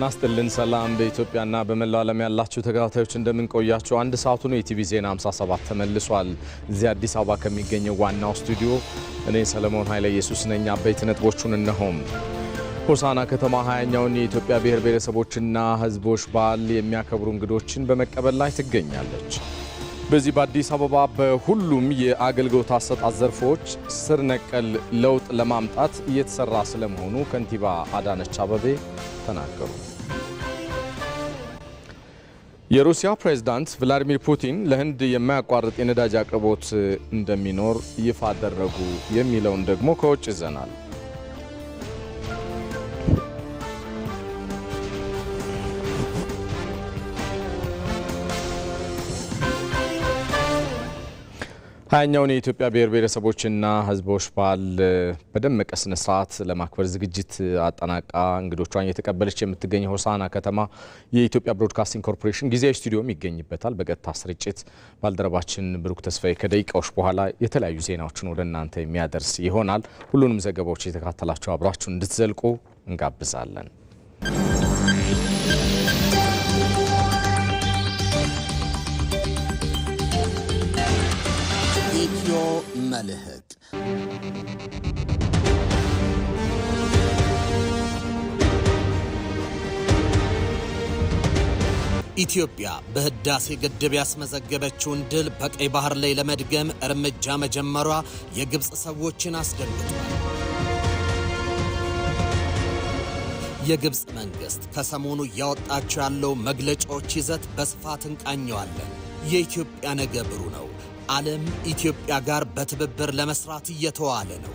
ጤና ሰላም በኢትዮጵያና በመላው ዓለም ያላችሁ ተከታታዮች እንደምንቆያችሁ። አንድ ነው። የቲቪ ዜና 57 ተመልሷል። እዚህ አዲስ አበባ ከሚገኘው ዋናው ስቱዲዮ እኔ ሰለሞን ኃይለ ኢየሱስ ነኝ። አበይት ነጥቦቹን እነሆም። ሆሳና ከተማ ሀያኛውን የኢትዮጵያ ብሔር ብሔረሰቦችና ሕዝቦች በዓል የሚያከብሩ እንግዶችን በመቀበል ላይ ትገኛለች። በዚህ በአዲስ አበባ በሁሉም የአገልግሎት አሰጣጥ ዘርፎች ስር ነቀል ለውጥ ለማምጣት እየተሰራ ስለመሆኑ ከንቲባ አዳነች አበቤ ተናገሩ። የሩሲያ ፕሬዝዳንት ቭላዲሚር ፑቲን ለህንድ የማያቋርጥ የነዳጅ አቅርቦት እንደሚኖር ይፋ አደረጉ። የሚለውን ደግሞ ከውጭ ይዘናል። ሀያኛውን የኢትዮጵያ ብሔር ብሔረሰቦችና ሕዝቦች በዓል በደመቀ ስነ ስርዓት ለማክበር ዝግጅት አጠናቃ እንግዶቿን እየተቀበለች የምትገኝ ሆሳና ከተማ የኢትዮጵያ ብሮድካስቲንግ ኮርፖሬሽን ጊዜያዊ ስቱዲዮም ይገኝበታል። በቀጥታ ስርጭት ባልደረባችን ብሩክ ተስፋዬ ከደቂቃዎች በኋላ የተለያዩ ዜናዎችን ወደ እናንተ የሚያደርስ ይሆናል። ሁሉንም ዘገባዎች የተካተላቸው አብራችሁን እንድትዘልቁ እንጋብዛለን። መልህቅ ኢትዮጵያ በህዳሴ ግድብ ያስመዘገበችውን ድል በቀይ ባህር ላይ ለመድገም እርምጃ መጀመሯ የግብፅ ሰዎችን አስደንግጧል። የግብፅ መንግስት ከሰሞኑ እያወጣቸው ያለው መግለጫዎች ይዘት በስፋት እንቃኘዋለን። የኢትዮጵያ ነገ ብሩ ነው። ዓለም ኢትዮጵያ ጋር በትብብር ለመስራት እየተዋለ ነው።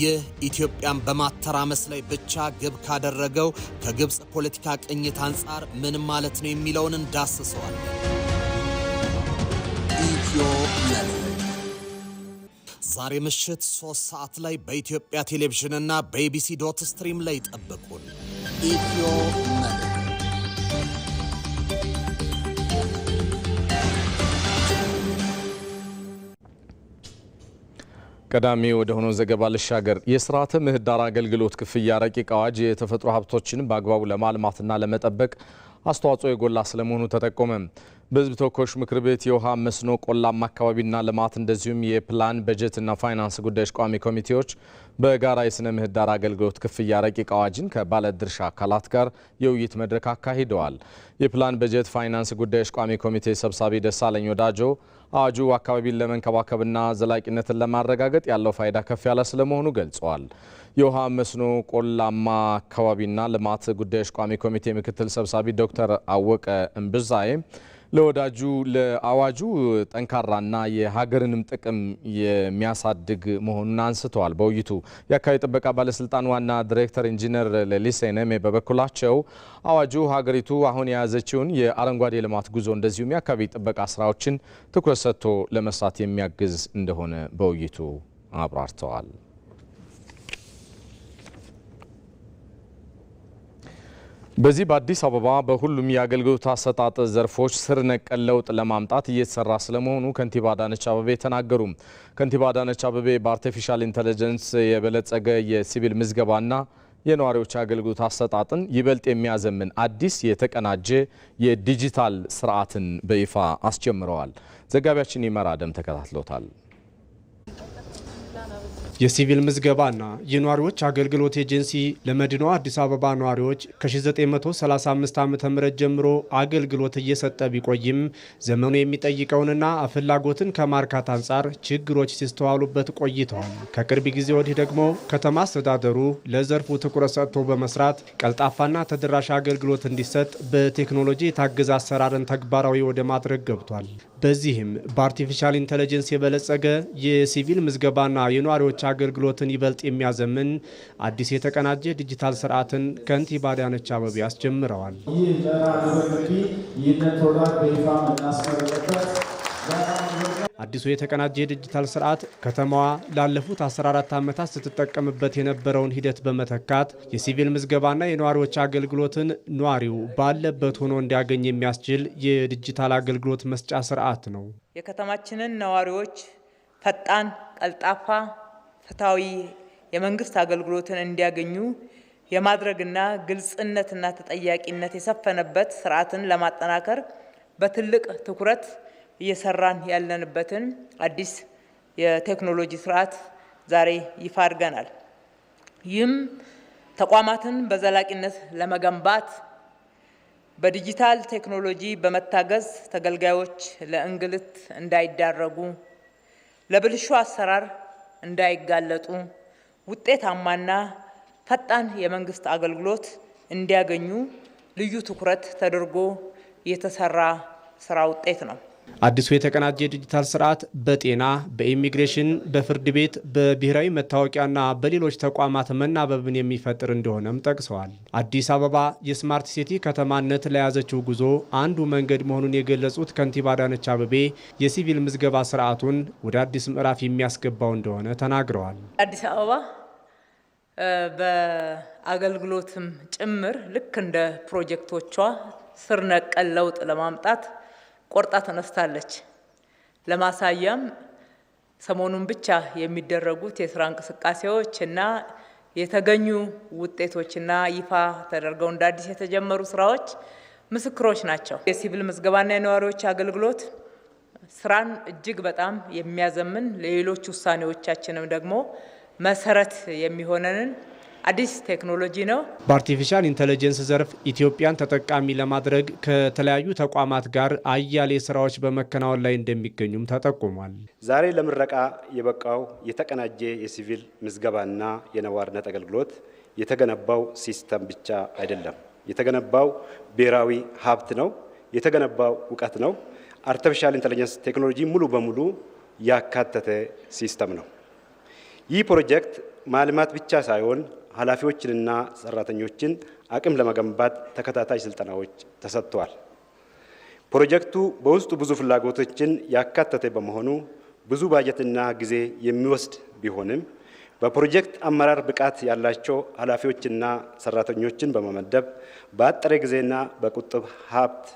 ይህ ኢትዮጵያን በማተራመስ ላይ ብቻ ግብ ካደረገው ከግብፅ ፖለቲካ ቅኝት አንጻር ምን ማለት ነው የሚለውን እንዳስሰዋል። ዛሬ ምሽት ሶስት ሰዓት ላይ በኢትዮጵያ ቴሌቪዥንና በኢቢሲ ዶት ስትሪም ላይ ጠብቁን። ኢትዮ ቀዳሚ ወደ ሆነው ዘገባ ልሻገር። የስርዓተ ምህዳር አገልግሎት ክፍያ ረቂቅ አዋጅ የተፈጥሮ ሀብቶችን በአግባቡ ለማልማትና ለመጠበቅ አስተዋጽኦ የጎላ ስለመሆኑ ተጠቆመ። በህዝብ ተወካዮች ምክር ቤት የውሃ መስኖ፣ ቆላማ አካባቢና ልማት እንደዚሁም የፕላን በጀትና ፋይናንስ ጉዳዮች ቋሚ ኮሚቴዎች በጋራ የስነ ምህዳር አገልግሎት ክፍያ ረቂቅ አዋጅን ከባለድርሻ አካላት ጋር የውይይት መድረክ አካሂደዋል። የፕላን በጀት ፋይናንስ ጉዳዮች ቋሚ ኮሚቴ ሰብሳቢ ደሳለኝ ወዳጆ አዋጁ አካባቢን ለመንከባከብና ዘላቂነትን ለማረጋገጥ ያለው ፋይዳ ከፍ ያለ ስለመሆኑ ገልጸዋል። የውሃ መስኖ፣ ቆላማ አካባቢና ልማት ጉዳዮች ቋሚ ኮሚቴ ምክትል ሰብሳቢ ዶክተር አወቀ እምብዛዬ ለወዳጁ ለአዋጁ ጠንካራና የሀገርንም ጥቅም የሚያሳድግ መሆኑን አንስተዋል። በውይይቱ የአካባቢ ጥበቃ ባለስልጣን ዋና ዲሬክተር ኢንጂነር ሌሊሴ ነሜ በበኩላቸው አዋጁ ሀገሪቱ አሁን የያዘችውን የአረንጓዴ ልማት ጉዞ እንደዚሁም የአካባቢ ጥበቃ ስራዎችን ትኩረት ሰጥቶ ለመስራት የሚያግዝ እንደሆነ በውይይቱ አብራርተዋል። በዚህ በአዲስ አበባ በሁሉም የአገልግሎት አሰጣጥ ዘርፎች ስር ነቀል ለውጥ ለማምጣት እየተሰራ ስለመሆኑ ከንቲባ አዳነች አበቤ ተናገሩ። ከንቲባ አዳነች አበቤ በአርቲፊሻል ኢንተለጀንስ የበለጸገ የሲቪል ምዝገባና የነዋሪዎች አገልግሎት አሰጣጥን ይበልጥ የሚያዘምን አዲስ የተቀናጀ የዲጂታል ስርዓትን በይፋ አስጀምረዋል። ዘጋቢያችን ይመራ ደም ተከታትሎታል። የሲቪል ምዝገባና የነዋሪዎች አገልግሎት ኤጀንሲ ለመድኖ አዲስ አበባ ነዋሪዎች ከ1935 ዓ ም ጀምሮ አገልግሎት እየሰጠ ቢቆይም ዘመኑ የሚጠይቀውንና ፍላጎትን ከማርካት አንጻር ችግሮች ሲስተዋሉበት ቆይተዋል። ከቅርብ ጊዜ ወዲህ ደግሞ ከተማ አስተዳደሩ ለዘርፉ ትኩረት ሰጥቶ በመስራት ቀልጣፋና ተደራሽ አገልግሎት እንዲሰጥ በቴክኖሎጂ የታገዘ አሰራርን ተግባራዊ ወደ ማድረግ ገብቷል። በዚህም በአርቲፊሻል ኢንቴሊጀንስ የበለጸገ የሲቪል ምዝገባና የነዋሪዎች አገልግሎትን ይበልጥ የሚያዘምን አዲስ የተቀናጀ ዲጂታል ስርዓትን ከንቲባ አዳነች አቤቤ አስጀምረዋል። ይህ ለራ ይህንን ፕሮዳክት በይፋ የምናስመረቅበት አዲሱ የተቀናጀ የዲጂታል ስርዓት ከተማዋ ላለፉት 14 ዓመታት ስትጠቀምበት የነበረውን ሂደት በመተካት የሲቪል ምዝገባና የነዋሪዎች አገልግሎትን ኗሪው ባለበት ሆኖ እንዲያገኝ የሚያስችል የዲጂታል አገልግሎት መስጫ ስርዓት ነው። የከተማችንን ነዋሪዎች ፈጣን፣ ቀልጣፋ፣ ፍትሐዊ የመንግስት አገልግሎትን እንዲያገኙ የማድረግና ግልጽነትና ተጠያቂነት የሰፈነበት ስርዓትን ለማጠናከር በትልቅ ትኩረት እየሰራን ያለንበትን አዲስ የቴክኖሎጂ ስርዓት ዛሬ ይፋ አድርገናል። ይህም ተቋማትን በዘላቂነት ለመገንባት በዲጂታል ቴክኖሎጂ በመታገዝ ተገልጋዮች ለእንግልት እንዳይዳረጉ፣ ለብልሹ አሰራር እንዳይጋለጡ፣ ውጤታማና ፈጣን የመንግስት አገልግሎት እንዲያገኙ ልዩ ትኩረት ተደርጎ የተሰራ ስራ ውጤት ነው። አዲሱ የተቀናጀ የዲጂታል ስርዓት በጤና፣ በኢሚግሬሽን፣ በፍርድ ቤት፣ በብሔራዊ መታወቂያና በሌሎች ተቋማት መናበብን የሚፈጥር እንደሆነም ጠቅሰዋል። አዲስ አበባ የስማርት ሲቲ ከተማነት ለያዘችው ጉዞ አንዱ መንገድ መሆኑን የገለጹት ከንቲባ አዳነች የሲቪል ምዝገባ ስርዓቱን ወደ አዲስ ምዕራፍ የሚያስገባው እንደሆነ ተናግረዋል። አዲስ አበባ በአገልግሎትም ጭምር ልክ እንደ ፕሮጀክቶቿ ስር ነቀል ለውጥ ለማምጣት ቆርጣ ተነስታለች። ለማሳያም ሰሞኑን ብቻ የሚደረጉት የስራ እንቅስቃሴዎች እና የተገኙ እና ይፋ ተደርገው እንደ አዲስ የተጀመሩ ስራዎች ምስክሮች ናቸው። የሲቪል ምዝገባና የነዋሪዎች አገልግሎት ስራን እጅግ በጣም የሚያዘምን ለሌሎች ውሳኔዎቻችንም ደግሞ መሰረት የሚሆነንን አዲስ ቴክኖሎጂ ነው። በአርቲፊሻል ኢንቴሊጀንስ ዘርፍ ኢትዮጵያን ተጠቃሚ ለማድረግ ከተለያዩ ተቋማት ጋር አያሌ ስራዎች በመከናወን ላይ እንደሚገኙም ተጠቁሟል። ዛሬ ለምረቃ የበቃው የተቀናጀ የሲቪል ምዝገባና የነዋርነት አገልግሎት የተገነባው ሲስተም ብቻ አይደለም። የተገነባው ብሔራዊ ሀብት ነው። የተገነባው እውቀት ነው። አርቲፊሻል ኢንቴሊጀንስ ቴክኖሎጂ ሙሉ በሙሉ ያካተተ ሲስተም ነው። ይህ ፕሮጀክት ማልማት ብቻ ሳይሆን ኃላፊዎችንና ሰራተኞችን አቅም ለመገንባት ተከታታይ ስልጠናዎች ተሰጥተዋል። ፕሮጀክቱ በውስጡ ብዙ ፍላጎቶችን ያካተተ በመሆኑ ብዙ ባጀትና ጊዜ የሚወስድ ቢሆንም በፕሮጀክት አመራር ብቃት ያላቸው ኃላፊዎችና ሰራተኞችን በመመደብ በአጠረ ጊዜና በቁጥብ ሀብት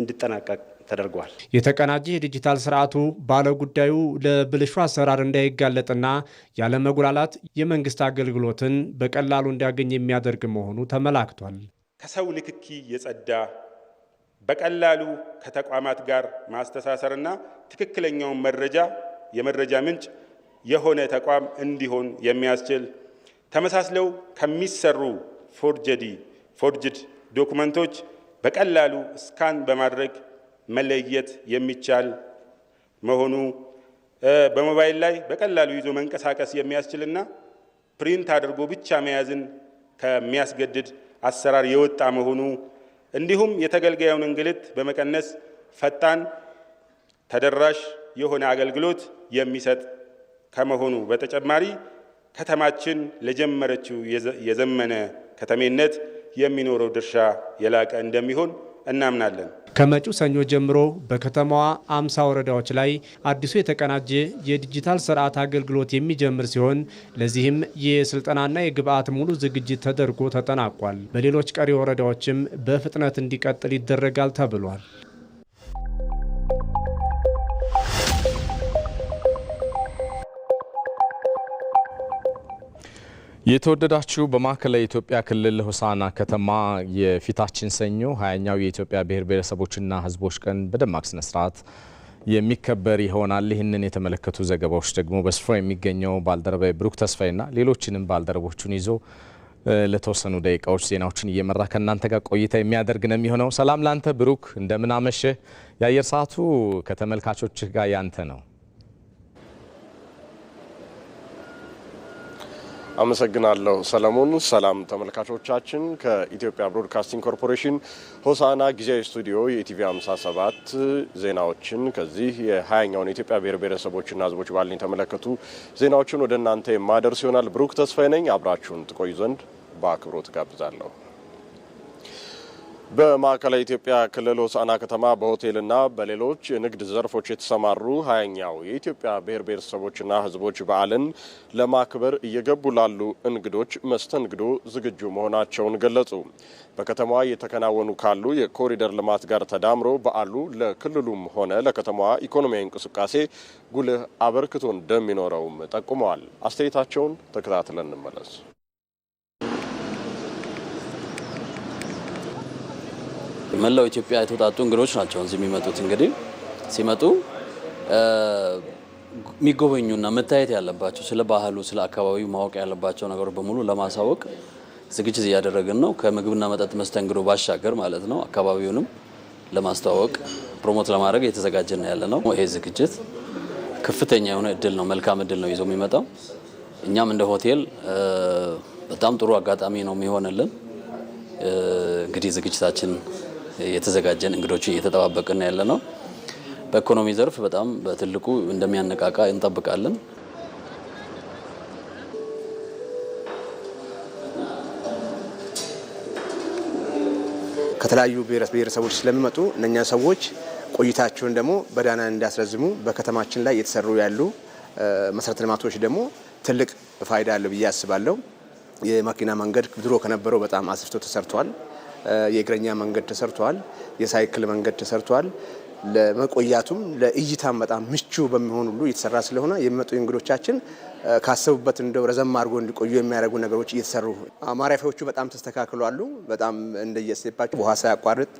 እንዲጠናቀቅ ተደርጓል። የተቀናጀ የዲጂታል ስርዓቱ ባለጉዳዩ ለብልሹ አሰራር እንዳይጋለጥና ያለመጉላላት የመንግስት አገልግሎትን በቀላሉ እንዲያገኝ የሚያደርግ መሆኑ ተመላክቷል። ከሰው ልክኪ የጸዳ በቀላሉ ከተቋማት ጋር ማስተሳሰርና ትክክለኛውን መረጃ የመረጃ ምንጭ የሆነ ተቋም እንዲሆን የሚያስችል ተመሳስለው ከሚሰሩ ፎርጀዲ ፎርጅድ ዶኩመንቶች በቀላሉ ስካን በማድረግ መለየት የሚቻል መሆኑ በሞባይል ላይ በቀላሉ ይዞ መንቀሳቀስ የሚያስችልና ፕሪንት አድርጎ ብቻ መያዝን ከሚያስገድድ አሰራር የወጣ መሆኑ እንዲሁም የተገልጋዩን እንግልት በመቀነስ ፈጣን ተደራሽ የሆነ አገልግሎት የሚሰጥ ከመሆኑ በተጨማሪ ከተማችን ለጀመረችው የዘመነ ከተሜነት የሚኖረው ድርሻ የላቀ እንደሚሆን እናምናለን። ከመጪው ሰኞ ጀምሮ በከተማዋ አምሳ ወረዳዎች ላይ አዲሱ የተቀናጀ የዲጂታል ስርዓት አገልግሎት የሚጀምር ሲሆን ለዚህም የስልጠናና የግብአት ሙሉ ዝግጅት ተደርጎ ተጠናቋል። በሌሎች ቀሪ ወረዳዎችም በፍጥነት እንዲቀጥል ይደረጋል ተብሏል። የተወደዳችሁ በማዕከላዊ ኢትዮጵያ ክልል ሆሳና ከተማ የፊታችን ሰኞ ሀያኛው የኢትዮጵያ ብሔር ብሔረሰቦችና ሕዝቦች ቀን በደማቅ ስነ ስርዓት የሚከበር ይሆናል። ይህንን የተመለከቱ ዘገባዎች ደግሞ በስፍራው የሚገኘው ባልደረባ ብሩክ ተስፋዬና ሌሎችንም ባልደረቦቹን ይዞ ለተወሰኑ ደቂቃዎች ዜናዎችን እየመራ ከእናንተ ጋር ቆይታ የሚያደርግ ነው የሚሆነው። ሰላም ላንተ ብሩክ፣ እንደምን አመሸህ? የአየር ሰዓቱ ከተመልካቾች ጋር ያንተ ነው። አመሰግናለሁ ሰለሞን። ሰላም ተመልካቾቻችን፣ ከኢትዮጵያ ብሮድካስቲንግ ኮርፖሬሽን ሆሳና ጊዜያዊ ስቱዲዮ የኢቲቪ 57 ዜናዎችን ከዚህ የሀያኛውን የኢትዮጵያ ብሔር ብሔረሰቦችና ሕዝቦች በዓልን የተመለከቱ ዜናዎችን ወደ እናንተ የማደርስ ይሆናል። ብሩክ ተስፋዬ ነኝ። አብራችሁን ትቆዩ ዘንድ በአክብሮት ጋብዛለሁ። በማዕከላዊ ኢትዮጵያ ክልል ሆሳዕና ከተማ በሆቴልና በሌሎች የንግድ ዘርፎች የተሰማሩ ሀያኛው የኢትዮጵያ ብሔር ብሔረሰቦችና ሕዝቦች በዓልን ለማክበር እየገቡ ላሉ እንግዶች መስተንግዶ ዝግጁ መሆናቸውን ገለጹ። በከተማዋ እየተከናወኑ ካሉ የኮሪደር ልማት ጋር ተዳምሮ በዓሉ ለክልሉም ሆነ ለከተማዋ ኢኮኖሚያዊ እንቅስቃሴ ጉልህ አበርክቶ እንደሚኖረውም ጠቁመዋል። አስተያየታቸውን ተከታትለን እንመለስ። መላው ኢትዮጵያ የተውጣጡ እንግዶች ናቸው እዚህ የሚመጡት። እንግዲህ ሲመጡ የሚጎበኙና መታየት ያለባቸው ስለ ባህሉ፣ ስለ አካባቢው ማወቅ ያለባቸው ነገሮች በሙሉ ለማሳወቅ ዝግጅት እያደረግን ነው። ከምግብና መጠጥ መስተንግዶ ባሻገር ማለት ነው። አካባቢውንም ለማስተዋወቅ ፕሮሞት ለማድረግ እየተዘጋጀን ያለ ነው። ይሄ ዝግጅት ከፍተኛ የሆነ እድል ነው፣ መልካም እድል ነው ይዞ የሚመጣው። እኛም እንደ ሆቴል በጣም ጥሩ አጋጣሚ ነው የሚሆንልን። እንግዲህ ዝግጅታችን የተዘጋጀን እንግዶች እየተጠባበቅን ያለ ነው። በኢኮኖሚ ዘርፍ በጣም በትልቁ እንደሚያነቃቃ እንጠብቃለን። ከተለያዩ ብሔረሰቦች ስለሚመጡ እነኛ ሰዎች ቆይታቸውን ደግሞ በዳና እንዲያስረዝሙ በከተማችን ላይ እየተሰሩ ያሉ መሰረተ ልማቶች ደግሞ ትልቅ ፋይዳ አለው ብዬ አስባለሁ። የመኪና መንገድ ድሮ ከነበረው በጣም አስፍቶ ተሰርቷል። የእግረኛ መንገድ ተሰርቷል። የሳይክል መንገድ ተሰርቷል። ለመቆያቱም ለእይታም በጣም ምቹ በሚሆን ሁሉ እየተሰራ ስለሆነ የሚመጡ እንግዶቻችን ካሰቡበት እንደው ረዘም አድርጎ እንዲቆዩ የሚያደርጉ ነገሮች እየተሰሩ ማረፊያዎቹ በጣም ተስተካክሏሉ። በጣም እንደየስቴፓቸው ውሃ ሳያቋርጥ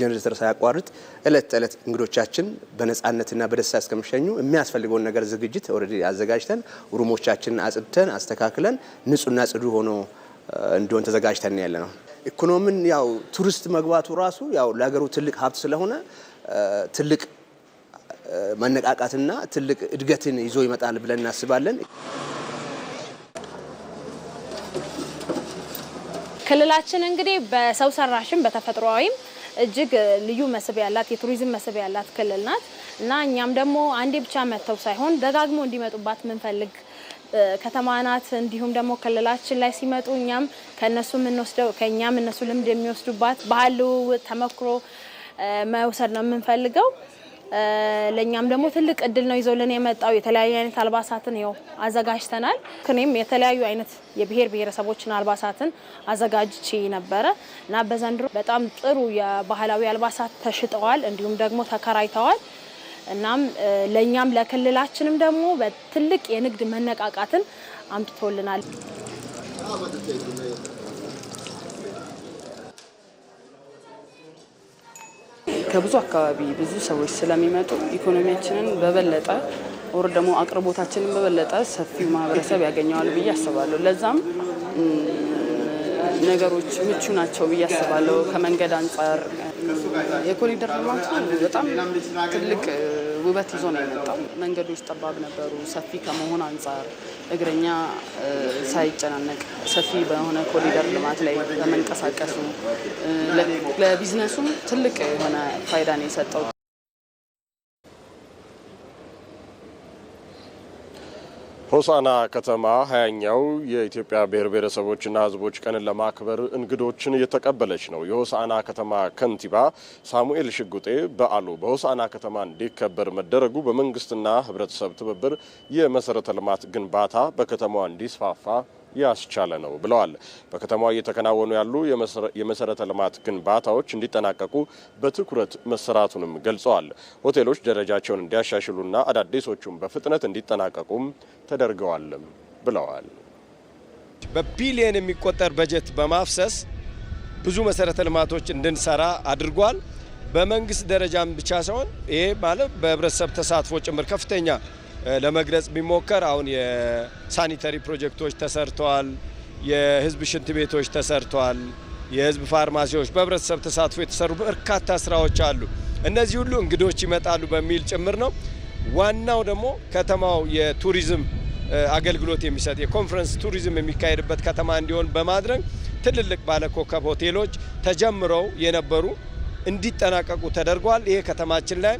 ጀነሬተር ሳያቋርጥ እለት ተእለት እንግዶቻችን በነጻነትና በደስታ እስከሚሸኙ የሚያስፈልገውን ነገር ዝግጅት ኦልሬዲ አዘጋጅተን ሩሞቻችንን አጽድተን አስተካክለን ንጹህና ጽዱ ሆኖ እንዲሆን ተዘጋጅተን ያለ ነው። ኢኮኖሚን ያው ቱሪስት መግባቱ ራሱ ያው ለሀገሩ ትልቅ ሀብት ስለሆነ ትልቅ መነቃቃትና ትልቅ እድገትን ይዞ ይመጣል ብለን እናስባለን። ክልላችን እንግዲህ በሰው ሰራሽም በተፈጥሯዊም እጅግ ልዩ መስህብ ያላት የቱሪዝም መስህብ ያላት ክልል ናት እና እኛም ደግሞ አንዴ ብቻ መጥተው ሳይሆን ደጋግሞ እንዲመጡባት ምንፈልግ ከተማ ናት። እንዲሁም ደግሞ ክልላችን ላይ ሲመጡ እኛም ከእነሱ የምንወስደው ከእኛም እነሱ ልምድ የሚወስዱባት ባህል ልውውጥ፣ ተመክሮ መውሰድ ነው የምንፈልገው። ለእኛም ደግሞ ትልቅ እድል ነው ይዞልን የመጣው። የተለያዩ አይነት አልባሳትን ው አዘጋጅተናል። እኔም የተለያዩ አይነት የብሔር ብሔረሰቦችን አልባሳትን አዘጋጅቼ ነበረ እና በዘንድሮ በጣም ጥሩ የባህላዊ አልባሳት ተሽጠዋል፣ እንዲሁም ደግሞ ተከራይተዋል። እናም ለእኛም ለክልላችንም ደግሞ በትልቅ የንግድ መነቃቃትን አምጥቶልናል። ከብዙ አካባቢ ብዙ ሰዎች ስለሚመጡ ኢኮኖሚያችንን በበለጠ ወር ደግሞ አቅርቦታችንን በበለጠ ሰፊው ማህበረሰብ ያገኘዋል ብዬ አስባለሁ። ለዛም ነገሮች ምቹ ናቸው ብዬ አስባለሁ። ከመንገድ አንጻር የኮሪደር ልማቱ በጣም ትልቅ ውበት ይዞ ነው የመጣው። መንገዶች ጠባብ ነበሩ። ሰፊ ከመሆን አንጻር እግረኛ ሳይጨናነቅ ሰፊ በሆነ ኮሪደር ልማት ላይ በመንቀሳቀሱ ለቢዝነሱም ትልቅ የሆነ ፋይዳ ነው የሰጠው። ሆሳና ከተማ ሀያኛው የኢትዮጵያ ብሔር ብሔረሰቦችና ሕዝቦች ቀንን ለማክበር እንግዶችን እየተቀበለች ነው። የሆሳና ከተማ ከንቲባ ሳሙኤል ሽጉጤ በዓሉ በሆሳና ከተማ እንዲከበር መደረጉ በመንግስትና ሕብረተሰብ ትብብር የመሰረተ ልማት ግንባታ በከተማዋ እንዲስፋፋ ያስቻለ ነው ብለዋል። በከተማዋ እየተከናወኑ ያሉ የመሰረተ ልማት ግንባታዎች እንዲጠናቀቁ በትኩረት መሰራቱንም ገልጸዋል። ሆቴሎች ደረጃቸውን እንዲያሻሽሉና አዳዲሶቹም በፍጥነት እንዲጠናቀቁም ተደርገዋልም ብለዋል። በቢሊየን የሚቆጠር በጀት በማፍሰስ ብዙ መሰረተ ልማቶች እንድንሰራ አድርጓል። በመንግስት ደረጃም ብቻ ሳይሆን ይሄ ማለት በህብረተሰብ ተሳትፎ ጭምር ከፍተኛ ለመግለጽ ቢሞከር አሁን የሳኒተሪ ፕሮጀክቶች ተሰርተዋል፣ የህዝብ ሽንት ቤቶች ተሰርተዋል፣ የህዝብ ፋርማሲዎች በህብረተሰብ ተሳትፎ የተሰሩ በርካታ ስራዎች አሉ። እነዚህ ሁሉ እንግዶች ይመጣሉ በሚል ጭምር ነው። ዋናው ደግሞ ከተማው የቱሪዝም አገልግሎት የሚሰጥ የኮንፈረንስ ቱሪዝም የሚካሄድበት ከተማ እንዲሆን በማድረግ ትልልቅ ባለኮከብ ሆቴሎች ተጀምረው የነበሩ እንዲጠናቀቁ ተደርጓል። ይሄ ከተማችን ላይ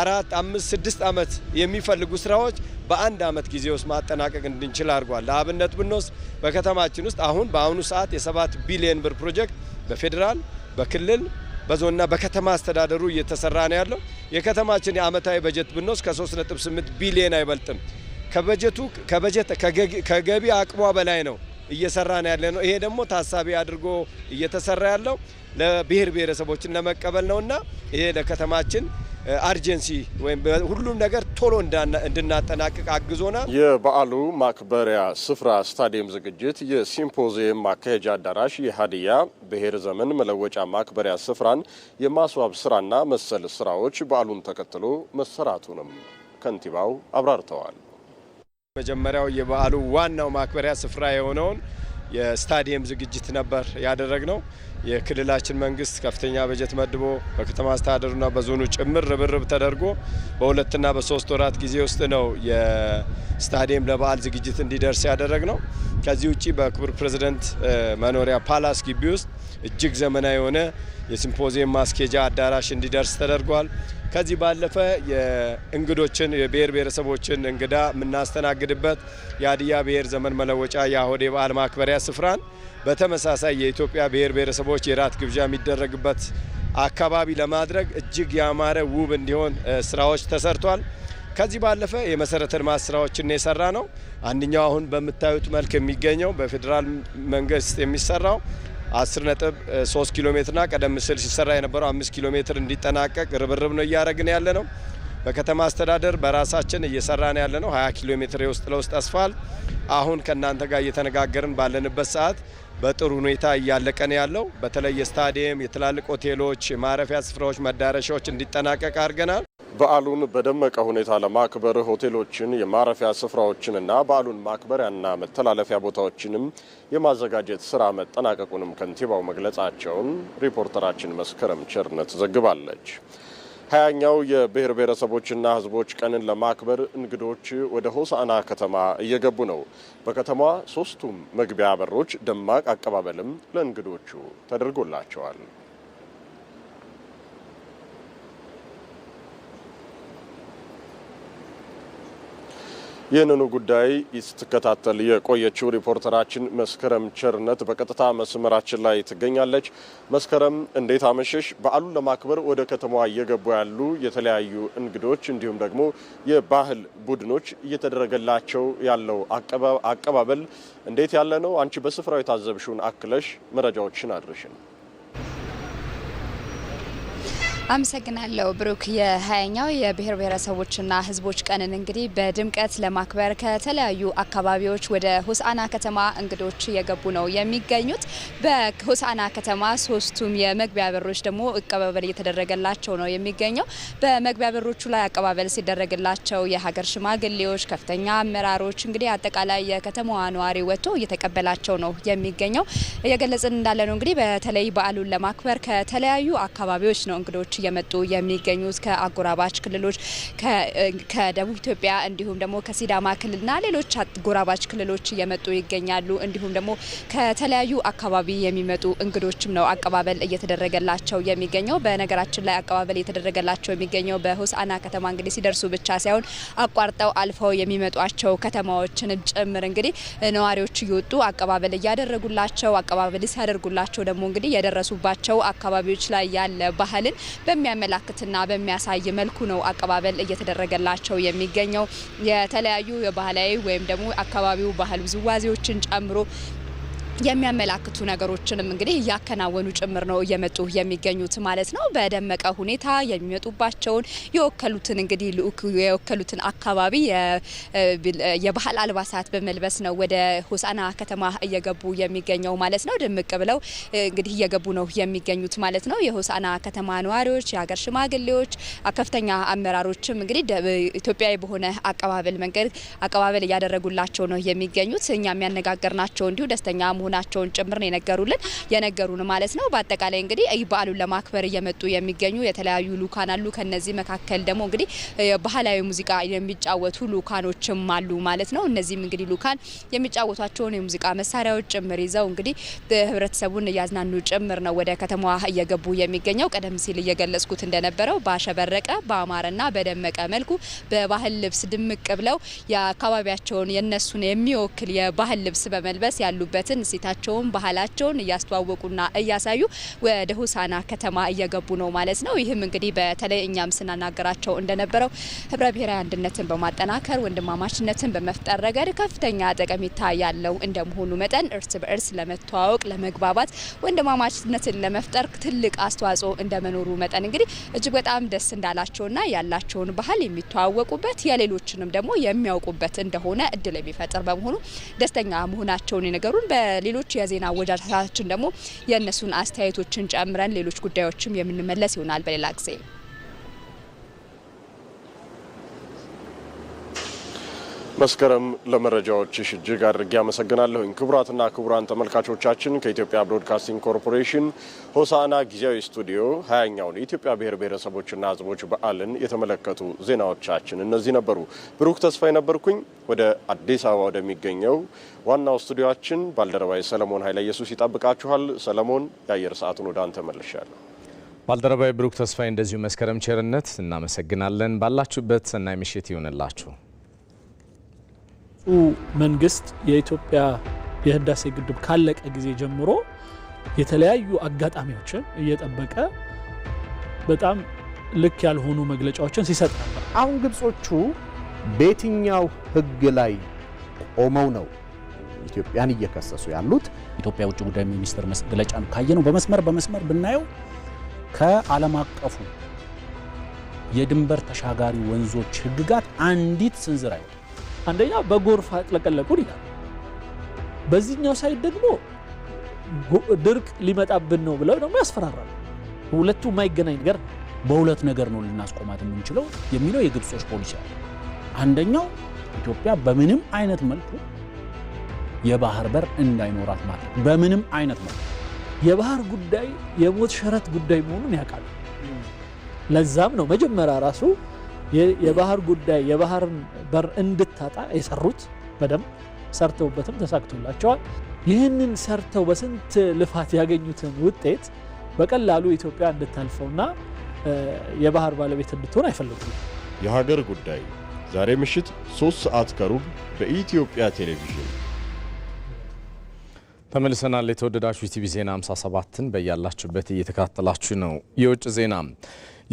አራት፣ አምስት፣ ስድስት ዓመት የሚፈልጉ ስራዎች በአንድ አመት ጊዜ ውስጥ ማጠናቀቅ እንድንችል አድርጓል። ለአብነት ብንወስድ በከተማችን ውስጥ አሁን በአሁኑ ሰዓት የሰባት ቢሊዮን ብር ፕሮጀክት በፌዴራል በክልል በዞንና በከተማ አስተዳደሩ እየተሰራ ነው ያለው። የከተማችን የአመታዊ በጀት ብንወስድ ከ3.8 ቢሊዮን አይበልጥም። ከበጀቱ ከበጀት ከገቢ አቅሟ በላይ ነው እየሰራ ነው ያለ ነው። ይሄ ደግሞ ታሳቢ አድርጎ እየተሰራ ያለው ለብሔር ብሔረሰቦችን ለመቀበል ነውና ይሄ ለከተማችን አርጀንሲ ወይም ሁሉም ነገር ቶሎ እንድናጠናቅቅ አግዞናል። የበዓሉ ማክበሪያ ስፍራ ስታዲየም ዝግጅት የሲምፖዚየም ማካሄጃ አዳራሽ የሀዲያ ብሔር ዘመን መለወጫ ማክበሪያ ስፍራን የማስዋብ ስራና መሰል ስራዎች በዓሉን ተከትሎ መሰራቱንም ከንቲባው አብራርተዋል። መጀመሪያው የበዓሉ ዋናው ማክበሪያ ስፍራ የሆነውን የስታዲየም ዝግጅት ነበር ያደረግ ነው። የክልላችን መንግስት ከፍተኛ በጀት መድቦ በከተማ አስተዳደሩና በዞኑ ጭምር ርብርብ ተደርጎ በሁለትና በሶስት ወራት ጊዜ ውስጥ ነው የስታዲየም ለበዓል ዝግጅት እንዲደርስ ያደረግ ነው። ከዚህ ውጭ በክቡር ፕሬዚደንት መኖሪያ ፓላስ ግቢ ውስጥ እጅግ ዘመናዊ የሆነ የሲምፖዚየም ማስኬጃ አዳራሽ እንዲደርስ ተደርጓል። ከዚህ ባለፈ የእንግዶችን የብሔር ብሔረሰቦችን እንግዳ የምናስተናግድበት የሀዲያ ብሔር ዘመን መለወጫ የአሁዴ በዓል ማክበሪያ ስፍራን በተመሳሳይ የኢትዮጵያ ብሔር ብሔረሰቦች የራት ግብዣ የሚደረግበት አካባቢ ለማድረግ እጅግ ያማረ ውብ እንዲሆን ስራዎች ተሰርቷል። ከዚህ ባለፈ የመሰረተ ልማት ስራዎችን የሰራ ነው። አንደኛው አሁን በምታዩት መልክ የሚገኘው በፌዴራል መንግስት የሚሰራው አስር ነጥብ ሶስት ኪሎ ሜትርና ቀደም ሲል ሲሰራ የነበረው አምስት ኪሎ ሜትር እንዲጠናቀቅ ርብርብ ነው እያደረግን ያለ ነው። በከተማ አስተዳደር በራሳችን እየሰራን ያለ ነው። 20 ኪሎ ሜትር የውስጥ ለውስጥ አስፋል አሁን ከእናንተ ጋር እየተነጋገርን ባለንበት ሰዓት በጥሩ ሁኔታ እያለቀን ያለው በተለይ የስታዲየም፣ የትላልቅ ሆቴሎች፣ የማረፊያ ስፍራዎች፣ መዳረሻዎች እንዲጠናቀቅ አድርገናል። በዓሉን በደመቀ ሁኔታ ለማክበር ሆቴሎችን፣ የማረፊያ ስፍራዎችንና በዓሉን ማክበሪያና መተላለፊያ ቦታዎችንም የማዘጋጀት ስራ መጠናቀቁንም ከንቲባው መግለጻቸውን ሪፖርተራችን መስከረም ቸርነት ዘግባለች። ሀያኛው የብሔር ብሔረሰቦችና ሕዝቦች ቀንን ለማክበር እንግዶች ወደ ሆሳና ከተማ እየገቡ ነው። በከተማዋ ሶስቱም መግቢያ በሮች ደማቅ አቀባበልም ለእንግዶቹ ተደርጎላቸዋል። ይህንኑ ጉዳይ ስትከታተል የቆየችው ሪፖርተራችን መስከረም ቸርነት በቀጥታ መስመራችን ላይ ትገኛለች። መስከረም እንዴት አመሸሽ? በዓሉን ለማክበር ወደ ከተማዋ እየገቡ ያሉ የተለያዩ እንግዶች እንዲሁም ደግሞ የባህል ቡድኖች እየተደረገላቸው ያለው አቀባበል እንዴት ያለ ነው? አንቺ በስፍራው የታዘብሽውን አክለሽ መረጃዎችን አድርሽን። አመሰግናለሁ ብሩክ። የሀያኛው የብሔር ብሔረሰቦችና ሕዝቦች ቀንን እንግዲህ በድምቀት ለማክበር ከተለያዩ አካባቢዎች ወደ ሆሳና ከተማ እንግዶች እየገቡ ነው የሚገኙት። በሆሳና ከተማ ሶስቱም የመግቢያ በሮች ደግሞ አቀባበል እየተደረገላቸው ነው የሚገኘው። በመግቢያ በሮቹ ላይ አቀባበል ሲደረግላቸው የሀገር ሽማግሌዎች፣ ከፍተኛ አመራሮች እንግዲህ አጠቃላይ የከተማዋ ነዋሪ ወጥቶ እየተቀበላቸው ነው የሚገኘው። እየገለጽን እንዳለ ነው እንግዲህ በተለይ በዓሉን ለማክበር ከተለያዩ አካባቢዎች ነው እንግዶች ተማሪዎች እየመጡ የሚገኙት ከአጎራባች ክልሎች ከደቡብ ኢትዮጵያ እንዲሁም ደግሞ ከሲዳማ ክልልና ሌሎች አጎራባች ክልሎች እየመጡ ይገኛሉ። እንዲሁም ደግሞ ከተለያዩ አካባቢ የሚመጡ እንግዶችም ነው አቀባበል እየተደረገላቸው የሚገኘው። በነገራችን ላይ አቀባበል እየተደረገላቸው የሚገኘው በሆሳና ከተማ እንግዲህ ሲደርሱ ብቻ ሳይሆን አቋርጠው አልፈው የሚመጧቸው ከተማዎችን ጭምር እንግዲህ ነዋሪዎች እየወጡ አቀባበል እያደረጉላቸው አቀባበል ሲያደርጉላቸው ደግሞ እንግዲህ የደረሱባቸው አካባቢዎች ላይ ያለ ባህልን በሚያመላክትና በሚያሳይ መልኩ ነው አቀባበል እየተደረገላቸው የሚገኘው የተለያዩ የባህላዊ ወይም ደግሞ አካባቢው ባህል ውዝዋዜዎችን ጨምሮ የሚያመላክቱ ነገሮችንም እንግዲህ እያከናወኑ ጭምር ነው እየመጡ የሚገኙት ማለት ነው። በደመቀ ሁኔታ የሚመጡባቸውን የወከሉትን እንግዲህ ልኡክ የወከሉትን አካባቢ የባህል አልባሳት በመልበስ ነው ወደ ሆሳና ከተማ እየገቡ የሚገኘው ማለት ነው። ድምቅ ብለው እንግዲህ እየገቡ ነው የሚገኙት ማለት ነው። የሆሳና ከተማ ነዋሪዎች፣ የሀገር ሽማግሌዎች፣ ከፍተኛ አመራሮችም እንግዲህ ኢትዮጵያዊ በሆነ አቀባበል መንገድ አቀባበል እያደረጉላቸው ነው የሚገኙት። እኛ የሚያነጋገር ናቸው እንዲሁ ደስተኛ መሆናቸውን ጭምር ነው የነገሩልን የነገሩን ማለት ነው። በአጠቃላይ እንግዲህ በዓሉን ለማክበር እየመጡ የሚገኙ የተለያዩ ልኡካን አሉ። ከነዚህ መካከል ደግሞ እንግዲህ ባህላዊ ሙዚቃ የሚጫወቱ ልኡካኖችም አሉ ማለት ነው። እነዚህም እንግዲህ ልኡካን የሚጫወቷቸውን የሙዚቃ መሳሪያዎች ጭምር ይዘው እንግዲህ ህብረተሰቡን እያዝናኑ ጭምር ነው ወደ ከተማዋ እየገቡ የሚገኘው። ቀደም ሲል እየገለጽኩት እንደነበረው ባሸበረቀ በአማረና በደመቀ መልኩ በባህል ልብስ ድምቅ ብለው የአካባቢያቸውን የነሱን የሚወክል የባህል ልብስ በመልበስ ያሉበትን እሴታቸውን፣ ባህላቸውን እያስተዋወቁና እያሳዩ ወደ ሆሳና ከተማ እየገቡ ነው ማለት ነው። ይህም እንግዲህ በተለይ እኛም ስናናገራቸው እንደነበረው ህብረ ብሔራዊ አንድነትን በማጠናከር ወንድማማችነትን በመፍጠር ረገድ ከፍተኛ ጠቀሜታ ያለው እንደመሆኑ መጠን እርስ በእርስ ለመተዋወቅ፣ ለመግባባት፣ ወንድማማችነትን ለመፍጠር ትልቅ አስተዋጽኦ እንደመኖሩ መጠን እንግዲህ እጅግ በጣም ደስ እንዳላቸውና ያላቸውን ባህል የሚተዋወቁበት የሌሎችንም ደግሞ የሚያውቁበት እንደሆነ እድል የሚፈጥር በመሆኑ ደስተኛ መሆናቸውን የነገሩን ሌሎች የዜና አወጃጀታችን ደግሞ የእነሱን አስተያየቶችን ጨምረን ሌሎች ጉዳዮችም የምንመለስ ይሆናል በሌላ ጊዜ። መስከረም ለመረጃዎችሽ እጅግ አድርጌ አመሰግናለሁኝ። ክቡራትና ክቡራን ተመልካቾቻችን ከኢትዮጵያ ብሮድካስቲንግ ኮርፖሬሽን ሆሳና ጊዜያዊ ስቱዲዮ ሀያኛውን የኢትዮጵያ ብሔር ብሔረሰቦችና ሕዝቦች በዓልን የተመለከቱ ዜናዎቻችን እነዚህ ነበሩ። ብሩክ ተስፋ የነበርኩኝ ወደ አዲስ አበባ ወደሚገኘው ዋናው ስቱዲዮችን ባልደረባዊ ሰለሞን ኃይለ ኢየሱስ ይጠብቃችኋል። ሰለሞን፣ የአየር ሰዓቱን ወደ አንተ መልሻለሁ። ባልደረባዊ ብሩክ ተስፋዬ እንደዚሁ መስከረም ቸርነት እናመሰግናለን። ባላችሁበት ሰናይ ምሽት ይሆንላችሁ። የግብፁ መንግስት የኢትዮጵያ የህዳሴ ግድብ ካለቀ ጊዜ ጀምሮ የተለያዩ አጋጣሚዎችን እየጠበቀ በጣም ልክ ያልሆኑ መግለጫዎችን ሲሰጥ ነበር። አሁን ግብጾቹ በየትኛው ህግ ላይ ቆመው ነው ኢትዮጵያን እየከሰሱ ያሉት? ኢትዮጵያ ውጭ ጉዳይ ሚኒስትር መግለጫን ካየነው በመስመር በመስመር ብናየው ከዓለም አቀፉ የድንበር ተሻጋሪ ወንዞች ህግጋት አንዲት ስንዝር አይወጣም። አንደኛ በጎርፍ አጥለቀለቁን ይላል። በዚህኛው ሳይት ደግሞ ድርቅ ሊመጣብን ነው ብለው ደግሞ ያስፈራራል። ሁለቱ የማይገናኝ ነገር በሁለት ነገር ነው ልናስቆማት የምንችለው የሚለው የግብጾች ፖሊሲ አለ። አንደኛው ኢትዮጵያ በምንም አይነት መልኩ የባህር በር እንዳይኖራት ማለት በምንም አይነት መልኩ የባህር ጉዳይ የሞት ሽረት ጉዳይ መሆኑን ያውቃሉ። ለዛም ነው መጀመሪያ ራሱ የባህር ጉዳይ የባህርን በር እንድታጣ የሰሩት በደንብ ሰርተውበትም ተሳክቶላቸዋል። ይህንን ሰርተው በስንት ልፋት ያገኙትን ውጤት በቀላሉ ኢትዮጵያ እንድታልፈውና የባህር ባለቤት እንድትሆን አይፈልጉም። የሀገር ጉዳይ ዛሬ ምሽት ሶስት ሰዓት ከሩብ በኢትዮጵያ ቴሌቪዥን ተመልሰናል። የተወደዳችሁ ኢቲቪ ዜና 57ን በያላችሁበት እየተከታተላችሁ ነው። የውጭ ዜና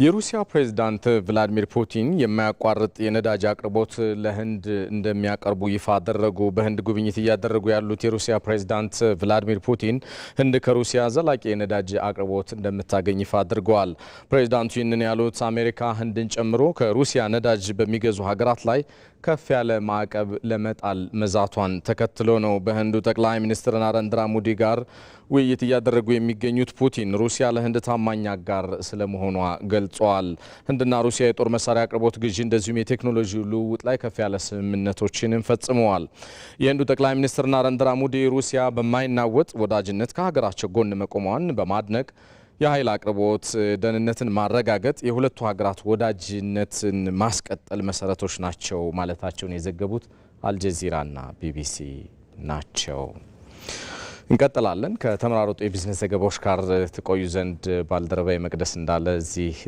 የሩሲያ ፕሬዝዳንት ቭላዲሚር ፑቲን የማያቋርጥ የነዳጅ አቅርቦት ለህንድ እንደሚያቀርቡ ይፋ አደረጉ። በህንድ ጉብኝት እያደረጉ ያሉት የሩሲያ ፕሬዝዳንት ቭላዲሚር ፑቲን ህንድ ከሩሲያ ዘላቂ የነዳጅ አቅርቦት እንደምታገኝ ይፋ አድርገዋል። ፕሬዝዳንቱ ይህንን ያሉት አሜሪካ ህንድን ጨምሮ ከሩሲያ ነዳጅ በሚገዙ ሀገራት ላይ ከፍ ያለ ማዕቀብ ለመጣል መዛቷን ተከትሎ ነው። በህንዱ ጠቅላይ ሚኒስትር ናረንድራ ሙዲ ጋር ውይይት እያደረጉ የሚገኙት ፑቲን ሩሲያ ለህንድ ታማኝ አጋር ስለመሆኗ ገ ገልጸዋል። ህንድና ሩሲያ የጦር መሳሪያ አቅርቦት ግዢ እንደዚሁም የቴክኖሎጂ ልውውጥ ላይ ከፍ ያለ ስምምነቶችንም ፈጽመዋል። የህንዱ ጠቅላይ ሚኒስትር ናረንድራ ሙዲ ሩሲያ በማይናወጥ ወዳጅነት ከሀገራቸው ጎን መቆሟን በማድነቅ የኃይል አቅርቦት ደህንነትን ማረጋገጥ የሁለቱ ሀገራት ወዳጅነትን ማስቀጠል መሰረቶች ናቸው ማለታቸውን የዘገቡት አልጀዚራና ቢቢሲ ናቸው። እንቀጥላለን። ከተመራረጡ የቢዝነስ ዘገባዎች ጋር ትቆዩ ዘንድ ባልደረባ መቅደስ እንዳለ እዚህ